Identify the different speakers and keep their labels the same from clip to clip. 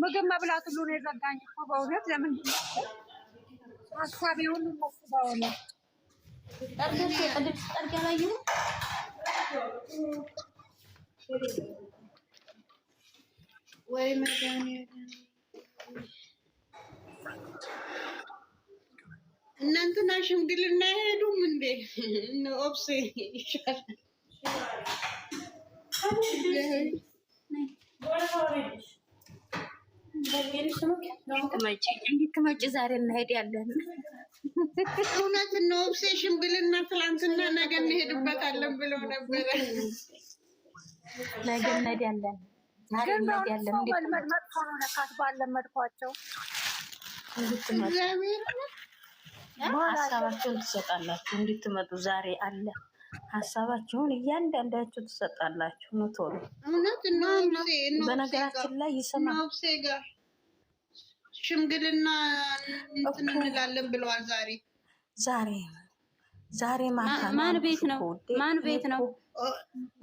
Speaker 1: ምግብ መብላት ሁሉ ነው የዘጋኝ እኮ በእውነት ለምንድን ነው ሀሳቤ ሁሉ እሱ በእውነት እናንተና ሽምግልና ሄዱም እንዴ? እነ ኦብሴ ይሻላል።
Speaker 2: እንድትመጪ ዛሬ እንሄዳለን።
Speaker 1: እውነት ነው። ሽምግልና ትላንትና ነገ እንሄድበታለን ብለው ነበረ።
Speaker 2: ነገ እንሄዳለን። ባለመድኳቸው ሀሳባቸውን ትሰጣላችሁ። እንድትመጡ ዛሬ አለ ሀሳባችሁን እያንዳንዳችሁ ትሰጣላችሁ። ኑ ቶሎ።
Speaker 1: በነገራችን
Speaker 2: ላይ ይሰማል።
Speaker 1: ሽምግልና እንትን እንላለን ብለዋል። ዛሬ
Speaker 2: ዛሬ ዛሬ ማታ ማን ቤት ነው? ማን ቤት ነው?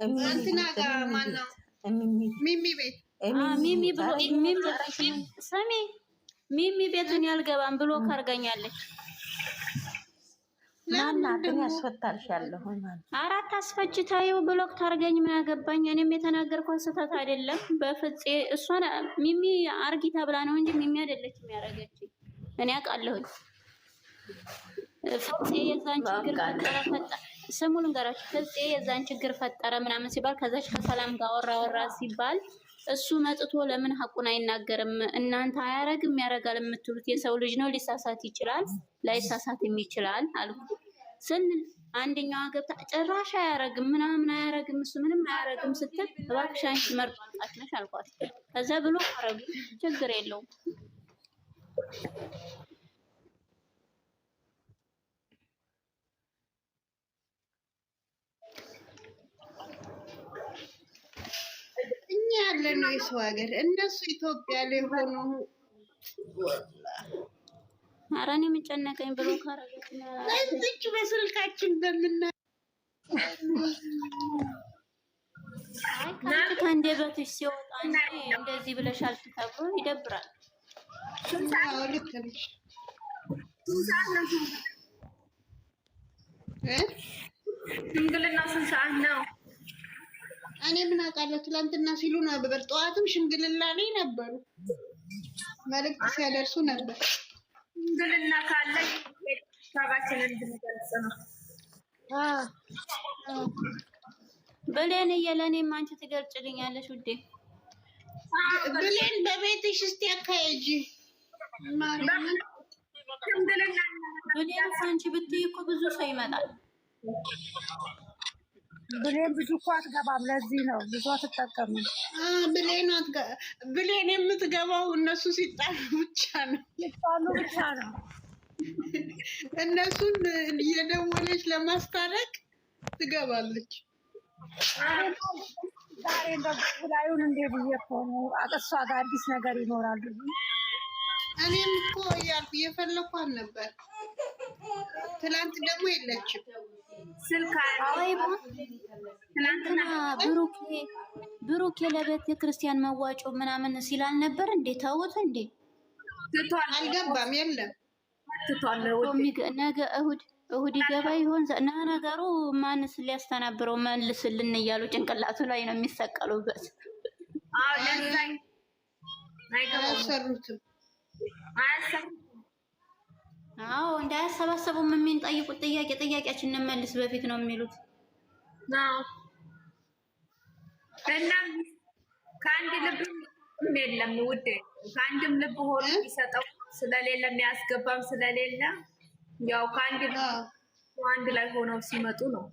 Speaker 1: እንትና ጋር ማን ነው? ሚሚ ቤት
Speaker 2: ሚሚ ብሎ ሰሜ ሚሚ ቤቱን ያልገባም ብሎ ካርጋኛለች ማናትን ያስፈታልሻለሁ ማለት አራት አስፈጭታዩ ብሎክ ታርገኝ ምን አገባኝ? እኔም የተናገርኳት ስህተት አይደለም በፍፄ እሷን ሚሚ አርጊ ተብላ ነው እንጂ ሚሚ አይደለች የሚያደርገችኝ። እኔ አውቃለሁኝ። ፍፄ የዛን ችግር ፈጠረ ፈጠ ስሙ ልንገራችሁ። ፍፄ የዛን ችግር ፈጠረ ምናምን ሲባል ከዛች ከሰላም ጋር ወራ ወራ ሲባል እሱ መጥቶ ለምን ሀቁን አይናገርም? እናንተ አያረግም ያረጋል የምትሉት የሰው ልጅ ነው፣ ሊሳሳት ይችላል ላይሳሳት ይችላል አልኩ ስንል አንደኛዋ ገብታ ጭራሽ አያረግም ምናምን አያረግም እሱ ምንም አያረግም ስትል እባክሽ አንቺ መርጦ አምጣት ነሽ አልኳት። ከዛ ብሎ አረጉ ችግር የለውም
Speaker 1: እኛ ያለ ነው የሰው ሀገር እነሱ ኢትዮጵያ ላይ ሆኖ
Speaker 2: ኧረ እኔ የምጨነቀኝ ብሎ
Speaker 1: ካረገች በስልካችን በምና
Speaker 2: ከአንደበትሽ ሲወጣ እንደዚህ ብለሻል ተብሎ ይደብራል።
Speaker 1: ሽምግልና ስንት ሰዓት ነው? እኔ ምን አውቃለሁ። ትላንትና ሲሉ ነበር። ጠዋትም ሽምግልና ላይ ነበሩ። መልዕክት ሲያደርሱ ነበር። ሽምግልና ካለ ሀሳባችንን እንድንገልጽ ነው።
Speaker 2: ብሌን እየለኔም አንቺ ትገልጭልኛለሽ ውዴ።
Speaker 1: ብሌን በቤትሽ እስቲ አካሄጂ።
Speaker 2: ብሌን አንቺ ብትይ እኮ ብዙ ሰው ይመጣል።
Speaker 1: ብሌን ብዙ እኮ አትገባም። ለዚህ ነው ብዙ አትጠቀምም። ብሌን የምትገባው እነሱ ሲጣሉ ብቻ ነው፣
Speaker 2: ሲጣሉ ብቻ ነው።
Speaker 1: እነሱን እየደወለች ለማስታረቅ ትገባለች።
Speaker 2: ዛሬ ላዩን እንዴ ብዬ እኮ ነው እሷ ጋር አዲስ ነገር ይኖራል።
Speaker 1: እኔም እኮ እያልኩ እየፈለኳን ነበር። ትላንት ደግሞ የለችም
Speaker 2: ስልካትና ብሩኬ ብሩኬ ለቤተ ክርስቲያን መዋጮ ምናምን ሲል አልነበር እንዴ? ተውት እንዴ
Speaker 1: አልገባም። የለም
Speaker 2: ነገ እሁድ እሁድ ይገባ ይሆን እና ነገሩ ማንስ ሊያስተናብረው መልስልን እያሉ ጭንቅላቱ ላይ ነው የሚሰቀሉበት።
Speaker 1: አያሰሩትም።
Speaker 2: አዎ እንዳያሰባሰቡም የሚንጠይቁት ጥያቄ ጥያቄያችን እንመልስ በፊት ነው የሚሉት።
Speaker 1: እናም ከአንድ ልብም የለም ውዴ ከአንድም ልብ ሆኖ የሚሰጠው ስለሌለ የሚያስገባም ስለሌለ ያው ከአንድ አንድ ላይ ሆነው ሲመጡ ነው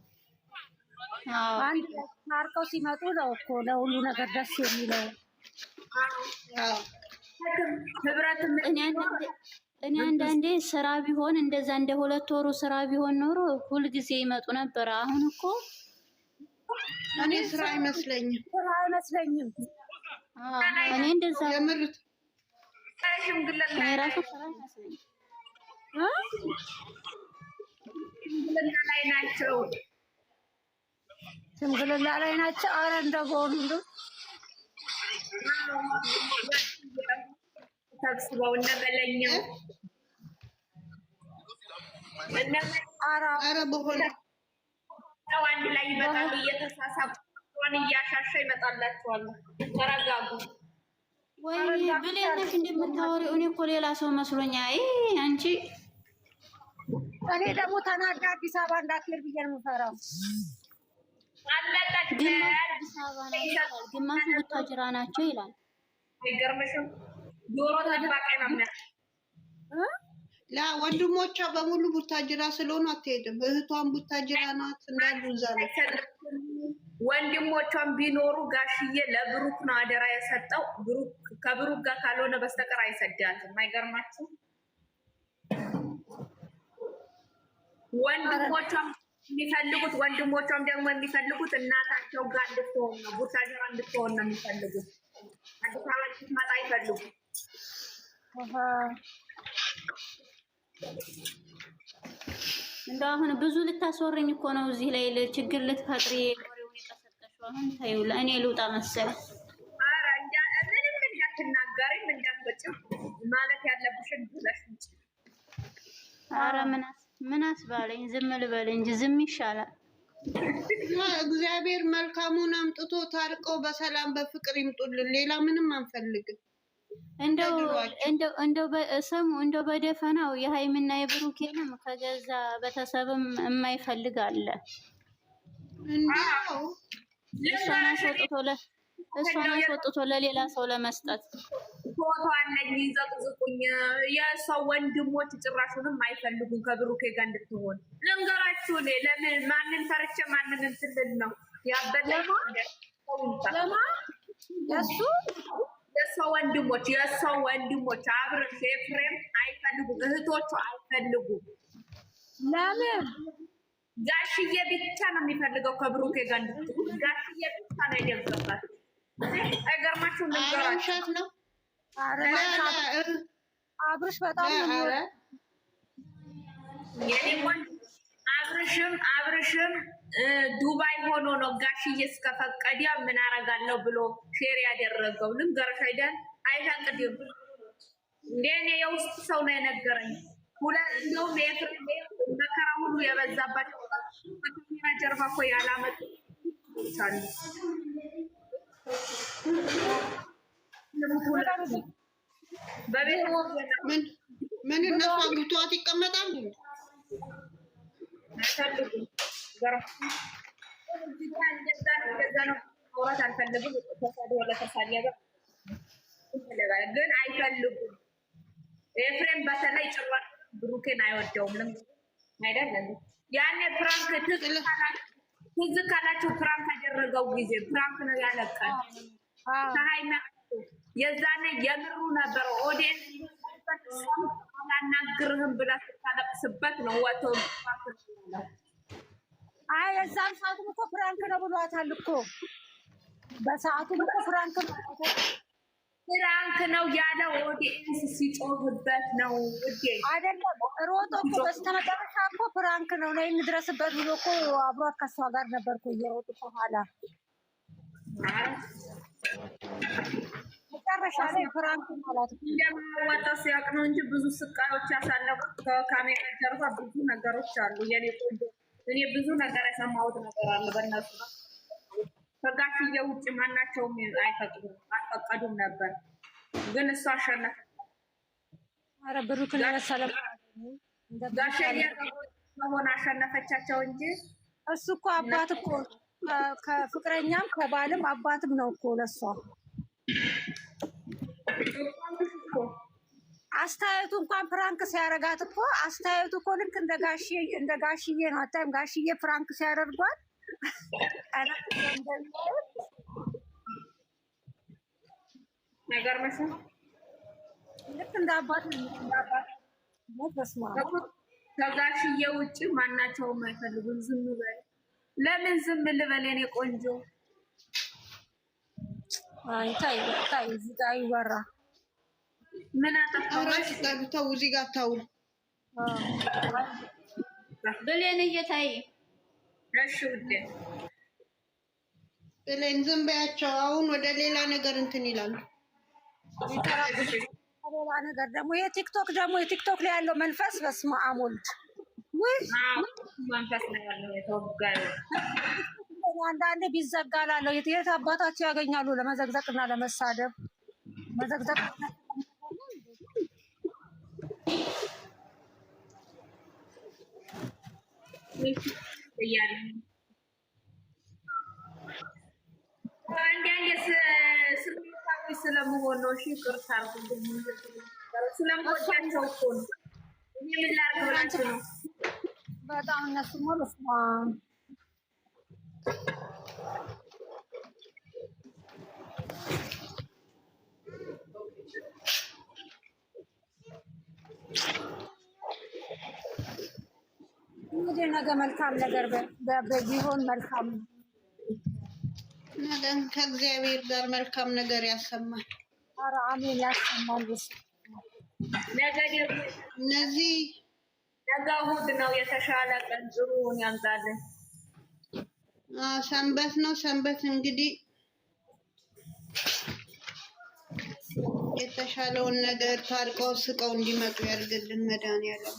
Speaker 2: ታርቀው ሲመጡ ነው እኮ ለሁሉ ነገር ደስ የሚለው ህብረት እኔ አንዳንዴ ስራ ቢሆን እንደዛ እንደ ሁለት ወሩ ስራ ቢሆን ኖሮ ሁልጊዜ ይመጡ ነበር። አሁን እኮ
Speaker 1: እኔ ስራ አይመስለኝም፣
Speaker 2: ስራ አይመስለኝም። እኔ እንደዛ ሽምግልና ላይ
Speaker 1: ናቸው፣ ሽምግልና ላይ ናቸው። አረ እንደሆኑ ሰብስበው እነ በለኛው ሰው አንድ ላይ ይመጣሉ። እየተሳሳብ ሆን እያሻሻ ይመጣላቸዋሉ። ተረጋጉ።
Speaker 2: ወይ ብሌነሽ እንደምታወሪ እኔ እኮ ሌላ ሰው መስሎኛ። አይ አንቺ እኔ ደግሞ ተናዳ አዲስ አበባ እንዳትሄድ ብዬ ነው የምፈራው። ናቸው፣ ግማሹ ቡታጅራ ናቸው ይላል።
Speaker 1: አይገርምሽም? ዶሮ ታጅራ ቀይ ላ ወንድሞቿ በሙሉ ቡታጅራ ስለሆኑ አትሄድም። እህቷን ቡታጅራ ናት እንዳሉ እዛ ነው። ወንድሞቿን ቢኖሩ ጋሽዬ ለብሩክ ነው አደራ የሰጠው። ከብሩክ ጋር ካልሆነ በስተቀር አይሰዳትም። አይገርማችሁ ወንድሞቿም የሚፈልጉት ወንድሞቿም ደግሞ የሚፈልጉት እናታቸው ጋር እንድትሆን ነው። ቡታጅራ እንድትሆን ነው የሚፈልጉት። አዲስ አበባ ስትመጣ አይፈልጉም።
Speaker 2: እንደው አሁን ብዙ ልታስወረኝ እኮ ነው። እዚህ ላይ ችግር ልትፈጥሪ ወሬውን የቀሰቀሽው አሁን ታዩ። ለእኔ ልውጣ መሰለ
Speaker 1: ምንም እንዳትናገሪም እንዳትወጭም ማለት ያለብሽን ብለሽ ውጭ።
Speaker 2: ዝም ልበል እንጂ ዝም ይሻላል።
Speaker 1: እግዚአብሔር መልካሙን አምጥቶ ታርቀው በሰላም በፍቅር ይምጡልን። ሌላ ምንም አንፈልግም።
Speaker 2: እንደው እንደው እንደው እንደው በደፈናው የሀይምና የብሩኬንም ከገዛ ቤተሰብም የማይፈልግ አለ። እሷን አስወጥቶ ለ እሷን አስወጥቶ ለሌላ ሰው ለመስጠት
Speaker 1: ፎቶ አለኝ ዘቅዝቁኝ። የሰው ወንድሞች ጭራሹንም አይፈልጉም ከብሩኬ ጋር እንድትሆን ልንገራችሁ። እኔ ለምን ማንን ፈርቼ ማንን እንትልል ነው ያበለ ለማ
Speaker 2: ለማ እሱ
Speaker 1: የእሷ ወንድሞች የእሷ ወንድሞች አብርሽ ኤፍሬም አይፈልጉም፣ እህቶቹ አይፈልጉም። ለምን ጋሽዬ ብቻ ነው የሚፈልገው ከብሩኬ ጋር እንድትሆን ጋሽዬ ብቻ ነው የደብሰባት። አይገርማችሁ?
Speaker 2: ምንገራሸት ነው አብርሽ በጣም የኔ
Speaker 1: ወንድ አብርሽም አብርሽም ዱባይ ሆኖ ነው ጋሽዬ እስከፈቀደ ምን አረጋለሁ ብሎ ሼር ያደረገው ልንገርሽ አይደል? አይፈቅድም እንደኔ የውስጥ ሰው ነው የነገረኝ። ሁለቱም መከራ ሁሉ የበዛባቸው ጀርባ እኮ ያላመጡ ይቻሉ በቤት ምን እነሱ አግብተዋት ይቀመጣሉ። ነበረው። እንደዛ ግን አይፈልጉም። ኤፍሬም በተለይ ጭራሽ ብሩኬን አይወደውም። ልም አይደለም ያኔ ፕራንክ ትዝ ካላችሁ ፕራንክ ያደረገው ጊዜ ፕራንክ ነው ያለቀል ከሀይና የዛኔ የምሩ ነበረ ኦዲየንስ አላናግርህም ብላ ስታለቅስበት ነው ወተው
Speaker 2: አይ የዛን ሰዓቱም እኮ ፍራንክ ነው ብሏታል እኮ በሰዓቱም እኮ ፍራንክ ነው
Speaker 1: ፍራንክ ነው ያለ ኦዲኤንስ ሲጮህበት ነው ውዴ።
Speaker 2: አይደለም ሮጦ እኮ በስተመጨረሻ እኮ ፍራንክ ነው ነይ እንድረስበት ብሎ እኮ አብሯት ከሷ ጋር ነበር እየሮጡ ከኋላ መጨረሻ ላይ ፍራንክ ማለት
Speaker 1: እንደማወጣው ሲያውቅ ነው እንጂ ብዙ ስቃዮች ያሳለፉት ከካሜራ ጀርባ ብዙ ነገሮች አሉ የኔ ቆንጆ እኔ ብዙ ነገር የሰማሁት ነገር አለ። በእነሱ ከጋሽ የውጭ ውጭ ማናቸውም አይፈቅዱም አልፈቀዱም ነበር፣ ግን እሱ አሸነፈ። ኧረ ብሩክን መሆን አሸነፈቻቸው እንጂ
Speaker 2: እሱ እኮ አባት እኮ ከፍቅረኛም ከባልም አባትም ነው እኮ ለሷ አስተያየቱ እንኳን ፕራንክ ሲያረጋት እኮ አስተያየቱ እኮ ልክ እንደ ጋሽዬ ነው። አታይም? ጋሽዬ ፕራንክ ሲያደርጓል ነገር መስሎ ልክ እንደ አባት
Speaker 1: ከጋሽዬ ውጭ ማናቸውም አይፈልጉም። ዝም በል። ለምን ዝም ልበል የኔ ቆንጆ?
Speaker 2: አይ ተይ ተይ፣ እዚህ ጋር ይወራ ምን አጠፋሁሽ? ጋርታው እዚህ ጋር ታውል ብሌን እየታይ
Speaker 1: እሺ፣ ውዴ ብሌን ዝም በያቸው። አሁን ወደ ሌላ ነገር እንትን ይላሉ።
Speaker 2: ሌላ ነገር ደግሞ የቲክቶክ ደግሞ የቲክቶክ ላይ ያለው መንፈስ በስመ አብ ወልድ
Speaker 1: ነው
Speaker 2: አንዳንዴ የት አባታቸው ያገኛሉ ለመዘግዘቅና ለመሳደብ መዘግዘቅ
Speaker 1: እያለ አንድ አንድ ስሜታዊ ስለመሆን ነው። እሺ ቅርታ ስለምወዳቸው እኮ ነው። እኔ ምን ላድርግ
Speaker 2: በጣም እነሱማ በስመ አብ እንግዲህ ነገ መልካም ነገር ቢሆን መልካም
Speaker 1: ነገ ከእግዚአብሔር ጋር መልካም ነገር ያሰማል።
Speaker 2: ኧረ አሜን ያሰማል።
Speaker 1: እነዚህ ነገ እሑድ ነው። የተሻለ ቀን ጥሩውን ያምጣልን። ሰንበት ነው። ሰንበት እንግዲህ የተሻለውን ነገር ታርቀው ስቀው እንዲመጡ ያድርግልን። መድኃኒዓለም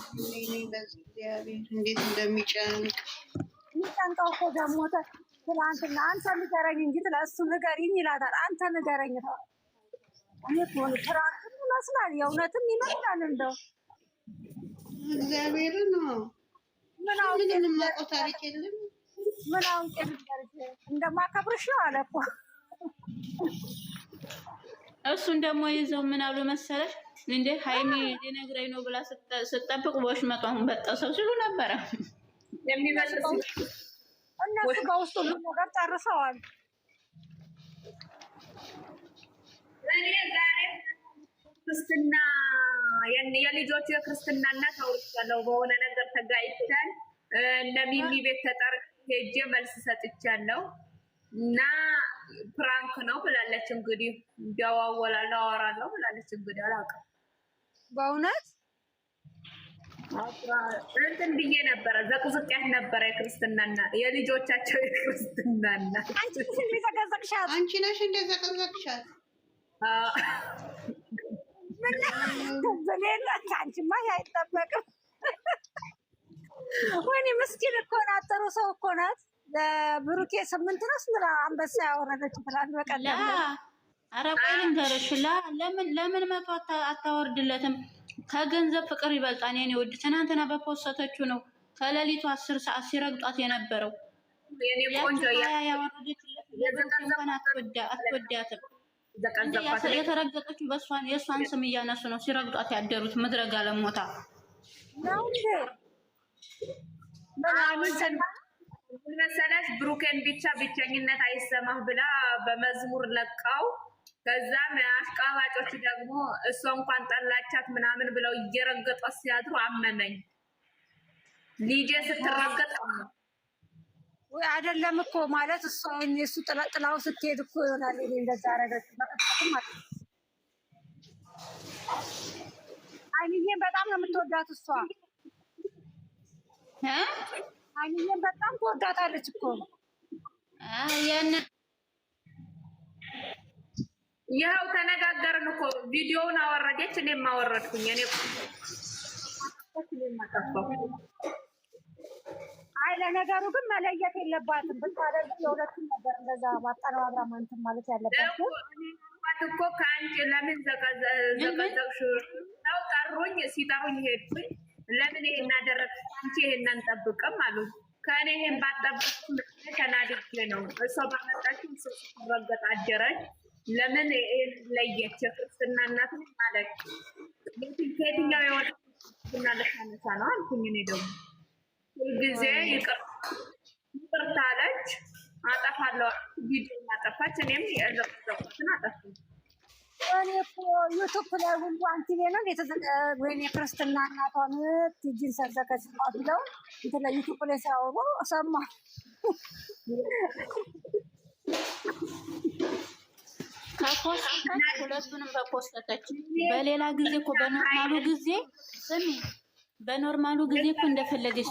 Speaker 1: በእግዚአብሔር እንዴት እንደሚጨንቅ
Speaker 2: የሚጨንቀው እኮ ደግሞ ትላንትና አንተ ንገረኝ እንጂ እሱ ንገሪኝ ይላታል። አንተ ንገረኝ ፍራንክም ይመስላል የእውነትም ይመስላል። እንደው
Speaker 1: እግዚአብሔር ነው። ምን የማውቀው ታሪክ የለም።
Speaker 2: ምን አውቄ እንደማከብርሽ ነው አለ እኮ እሱን ደግሞ ይዘው ምን አሉ መሰለሽ እንደ ሀይሚ ሊነግረኝ ነው ብላ ስጠብቅ ወሽመጧን በጠሰው ሲሉ ነበረ። እነሱ ከውስጥ ሁሉ ነገር ጨርሰዋል።
Speaker 1: ክርስትና የልጆቹ የክርስትና እናት አውርቻለሁ። በሆነ ነገር ቤት ተጠር ሄጄ መልስ ሰጥቻለሁ። እና ፕራንክ ነው ብላለች። እንግዲህ እንደዋወላለሁ አወራለሁ ብላለች። እንግዲህ አላውቅም በእውነት እንትን ብዬ ነበረ ዘቅዝቅያት ነበረ። የክርስትናና የልጆቻቸው የክርስትናና
Speaker 2: ዘቀዘቅሻት
Speaker 1: አንቺ ነሽ እንደ ዘቀዘቅሻት
Speaker 2: አንቺማ አይጠበቅም። ወይኔ ምስኪን እኮ ናት። ጥሩ ሰው እኮ ናት። ለብሩኬ ስምንት ነው ስምራ አንበሳ ያወረደች ብላል በቀለ አረቆይ ልንገርሽ ለምን ለምን መቶ አታወርድለትም? ከገንዘብ ፍቅር ይበልጣል። የኔ ውድ ትናንትና በፖሰተችው ነው ከሌሊቱ አስር ሰዓት ሲረግጧት የነበረው የተረገጠችው በእሷን የእሷን ስም እያነሱ ነው ሲረግጧት ያደሩት ምድረ ጋለሞታ
Speaker 1: መሰለሽ ብሩኬን ብቻ ብቸኝነት አይሰማህ ብላ በመዝሙር ለቃው። ከዛም አሽቃባጮች ደግሞ እሷ እንኳን ጠላቻት ምናምን ብለው እየረገጧት ሲያድሩ አመመኝ። ልጄ ስትረገጥ
Speaker 2: ወይ አይደለም እኮ ማለት እሷ እሱ ጥላው ስትሄድ እኮ ይሆናል። ይሄ እንደዛ አረገች ማለት አይኔ በጣም ነው የምትወዳት እሷ አይኔም በጣም ትወዳታለች እኮ ያን
Speaker 1: ይኸው ተነጋገርን እኮ ቪዲዮውን አወረደች፣ እኔም አወረድኩኝ። እኔ
Speaker 2: አይ ለነገሩ ግን መለየት የለባትም ብታደርግ የሁለቱም ነገር እንደዛ ማጠናራ እንትን ማለት ያለባቸው
Speaker 1: እኮ ከአንቺ ለምን ዘቀዘቅሽ ነው ጠሩኝ። ሲጠሩኝ ሄድኩኝ ለምን ይሄን አደረግ አንቺ ይሄን አንጠብቅም አሉ። ከእኔ ይሄን ባጠብቅም ተናድጄ ነው። እሷ ባመጣችው ስትረገጥ አደረች። ለምን ይሄን ለየች? ክርስትና እናት ማለት ከየትኛው የወጣ ክርስትና ልታነሳ ነው አልኩኝ። እኔ ደግሞ ሁልጊዜ ይቅርታ አለች። አጠፋለሁ ቪዲዮ አጠፋች። እኔም የዘቁዘቁትን አጠፋች።
Speaker 2: እኔ እኮ ዩቱብ ላይ ሁሉ ነው ወይኔ ክርስትና እናቷን ትጅን ሰዘከች ብለው ዩቱብ ላይ ሲያወሩ ሰማ። ሁለቱንም በሌላ ጊዜ እኮ በኖርማሉ ጊዜ ስሚ፣ በኖርማሉ ጊዜ እኮ እንደፈለገች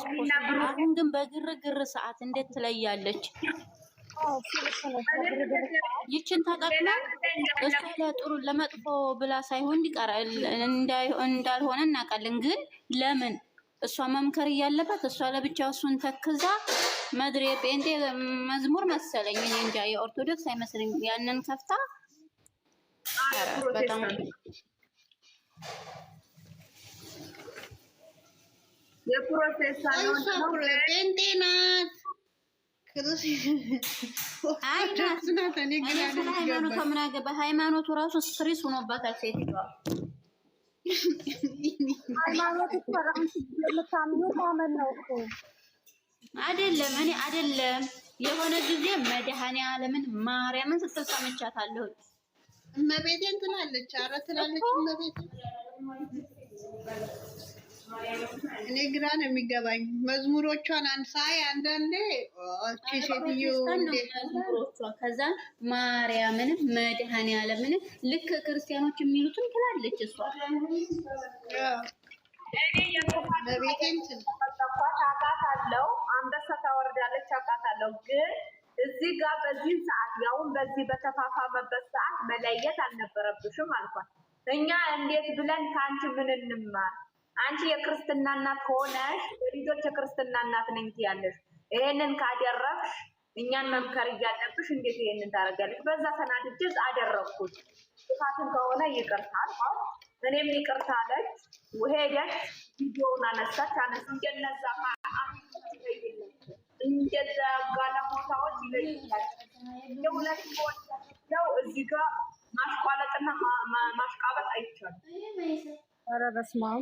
Speaker 2: አሁን ግን በግርግር ሰዓት እንዴት ትለያለች? ይችን ተጠቅመ እሱ ለጥሩ ለመጥፎ ብላ ሳይሆን እንዳልሆነ እናውቃለን። ግን ለምን እሷ መምከር ያለበት እሷ ለብቻው እሱን ተክዛ መድር የጴንጤ መዝሙር መሰለኝ እኔ እንጃ፣ የኦርቶዶክስ አይመስለኝም። ያንን ከፍታ
Speaker 1: በጣም የፕሮቴስታንት
Speaker 2: ጴንጤ ናት።
Speaker 1: ሃይማኖቷ
Speaker 2: ምን አገባ? ሃይማኖቱ ራሱ ስትሪስ ሆኖባታል ሴትዮዋ። አይደለም። እኔ አይደለም የሆነ ጊዜ መድኃኒዓለምን ማርያምን ስትል ሰምቻታለሁ።
Speaker 1: እመቤቴን ትላለች፣ ኧረ ትላለች እመቤቴን እኔ ግራ ነው የሚገባኝ መዝሙሮቿን አንድ ሳይ አንዳንዴ
Speaker 2: ሴትዮ ከዛ ማርያምንም መድኃኔዓለምንም ልክ ክርስቲያኖች የሚሉትን ትላለች እሷ።
Speaker 1: አውቃታለሁ፣ አንበሳ ታወርዳለች፣ አውቃታለሁ ግን እዚህ ጋር በዚህ ሰዓት ያውም በዚህ በተፋፋመበት ሰዓት መለየት አልነበረብሽም አልኳት። እኛ እንዴት ብለን ከአንቺ ምን እንማር አንቺ የክርስትና እናት ሆነሽ ልጆች የክርስትና እናት ነኝ ትያለሽ። ይሄንን ካደረግሽ እኛን መምከር እያለብሽ እንዴት ይሄንን ታደርጊያለሽ? በዛ ተናድጄ አደረግኩት። ጥፋትን ከሆነ ይቅርታል። እኔም ይቅርታ አለች። ሄደች ቪዲዮውን አነሳች። አነስ እንደነዛ እንደዛ ጋለሞታዎች ይለይላል። የሁለት ወዳቸው እዚህ ጋር ማሽቋለጥና ማሽቃበጥ አይቻልም።
Speaker 2: ኧረ በስመ አብ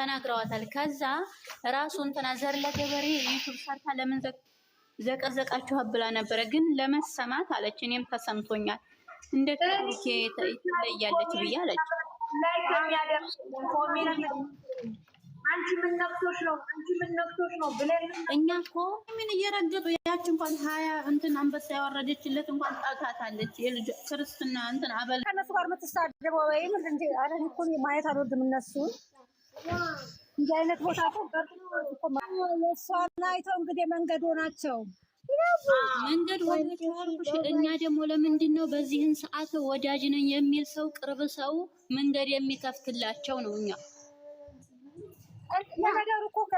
Speaker 2: ተናግረዋታል። ከዛ ራሱ እንትና ዘር ለገበሬ ዩቱብ ሰርታ ለምን ዘቀዘቃችሁ ብላ ነበረ። ግን ለመሰማት አለች፣ እኔም ተሰምቶኛል። እንዴት ታሪኬ ትለያለች ብዬ አለች።
Speaker 1: አንቺ ምን ነክቶሽ ነው? አንቺ ምን ነክቶሽ ነው ብለን
Speaker 2: እኛ እኮ ምን እየረገጡ ያች እንኳን ሀያ እንትን አንበሳ ያወረደችለት እንኳን ጣልታታለች። የልጅ ክርስትና እንትን አበል ከነሱ ጋር የምትሳደበው ወይም እንዴ? አረ እኮ ማየት አልወድም እነሱን እንዲህ አይነት ቦታ እሷን አይተው እንግዲህ መንገዶ ናቸው መንገድ ወደሽ እኛ ደግሞ ለምንድን ነው በዚህን ሰዓት ወዳጅ ነኝ የሚል ሰው ቅርብ ሰው መንገድ የሚከፍትላቸው ነው እኛ ነገሩ እኮ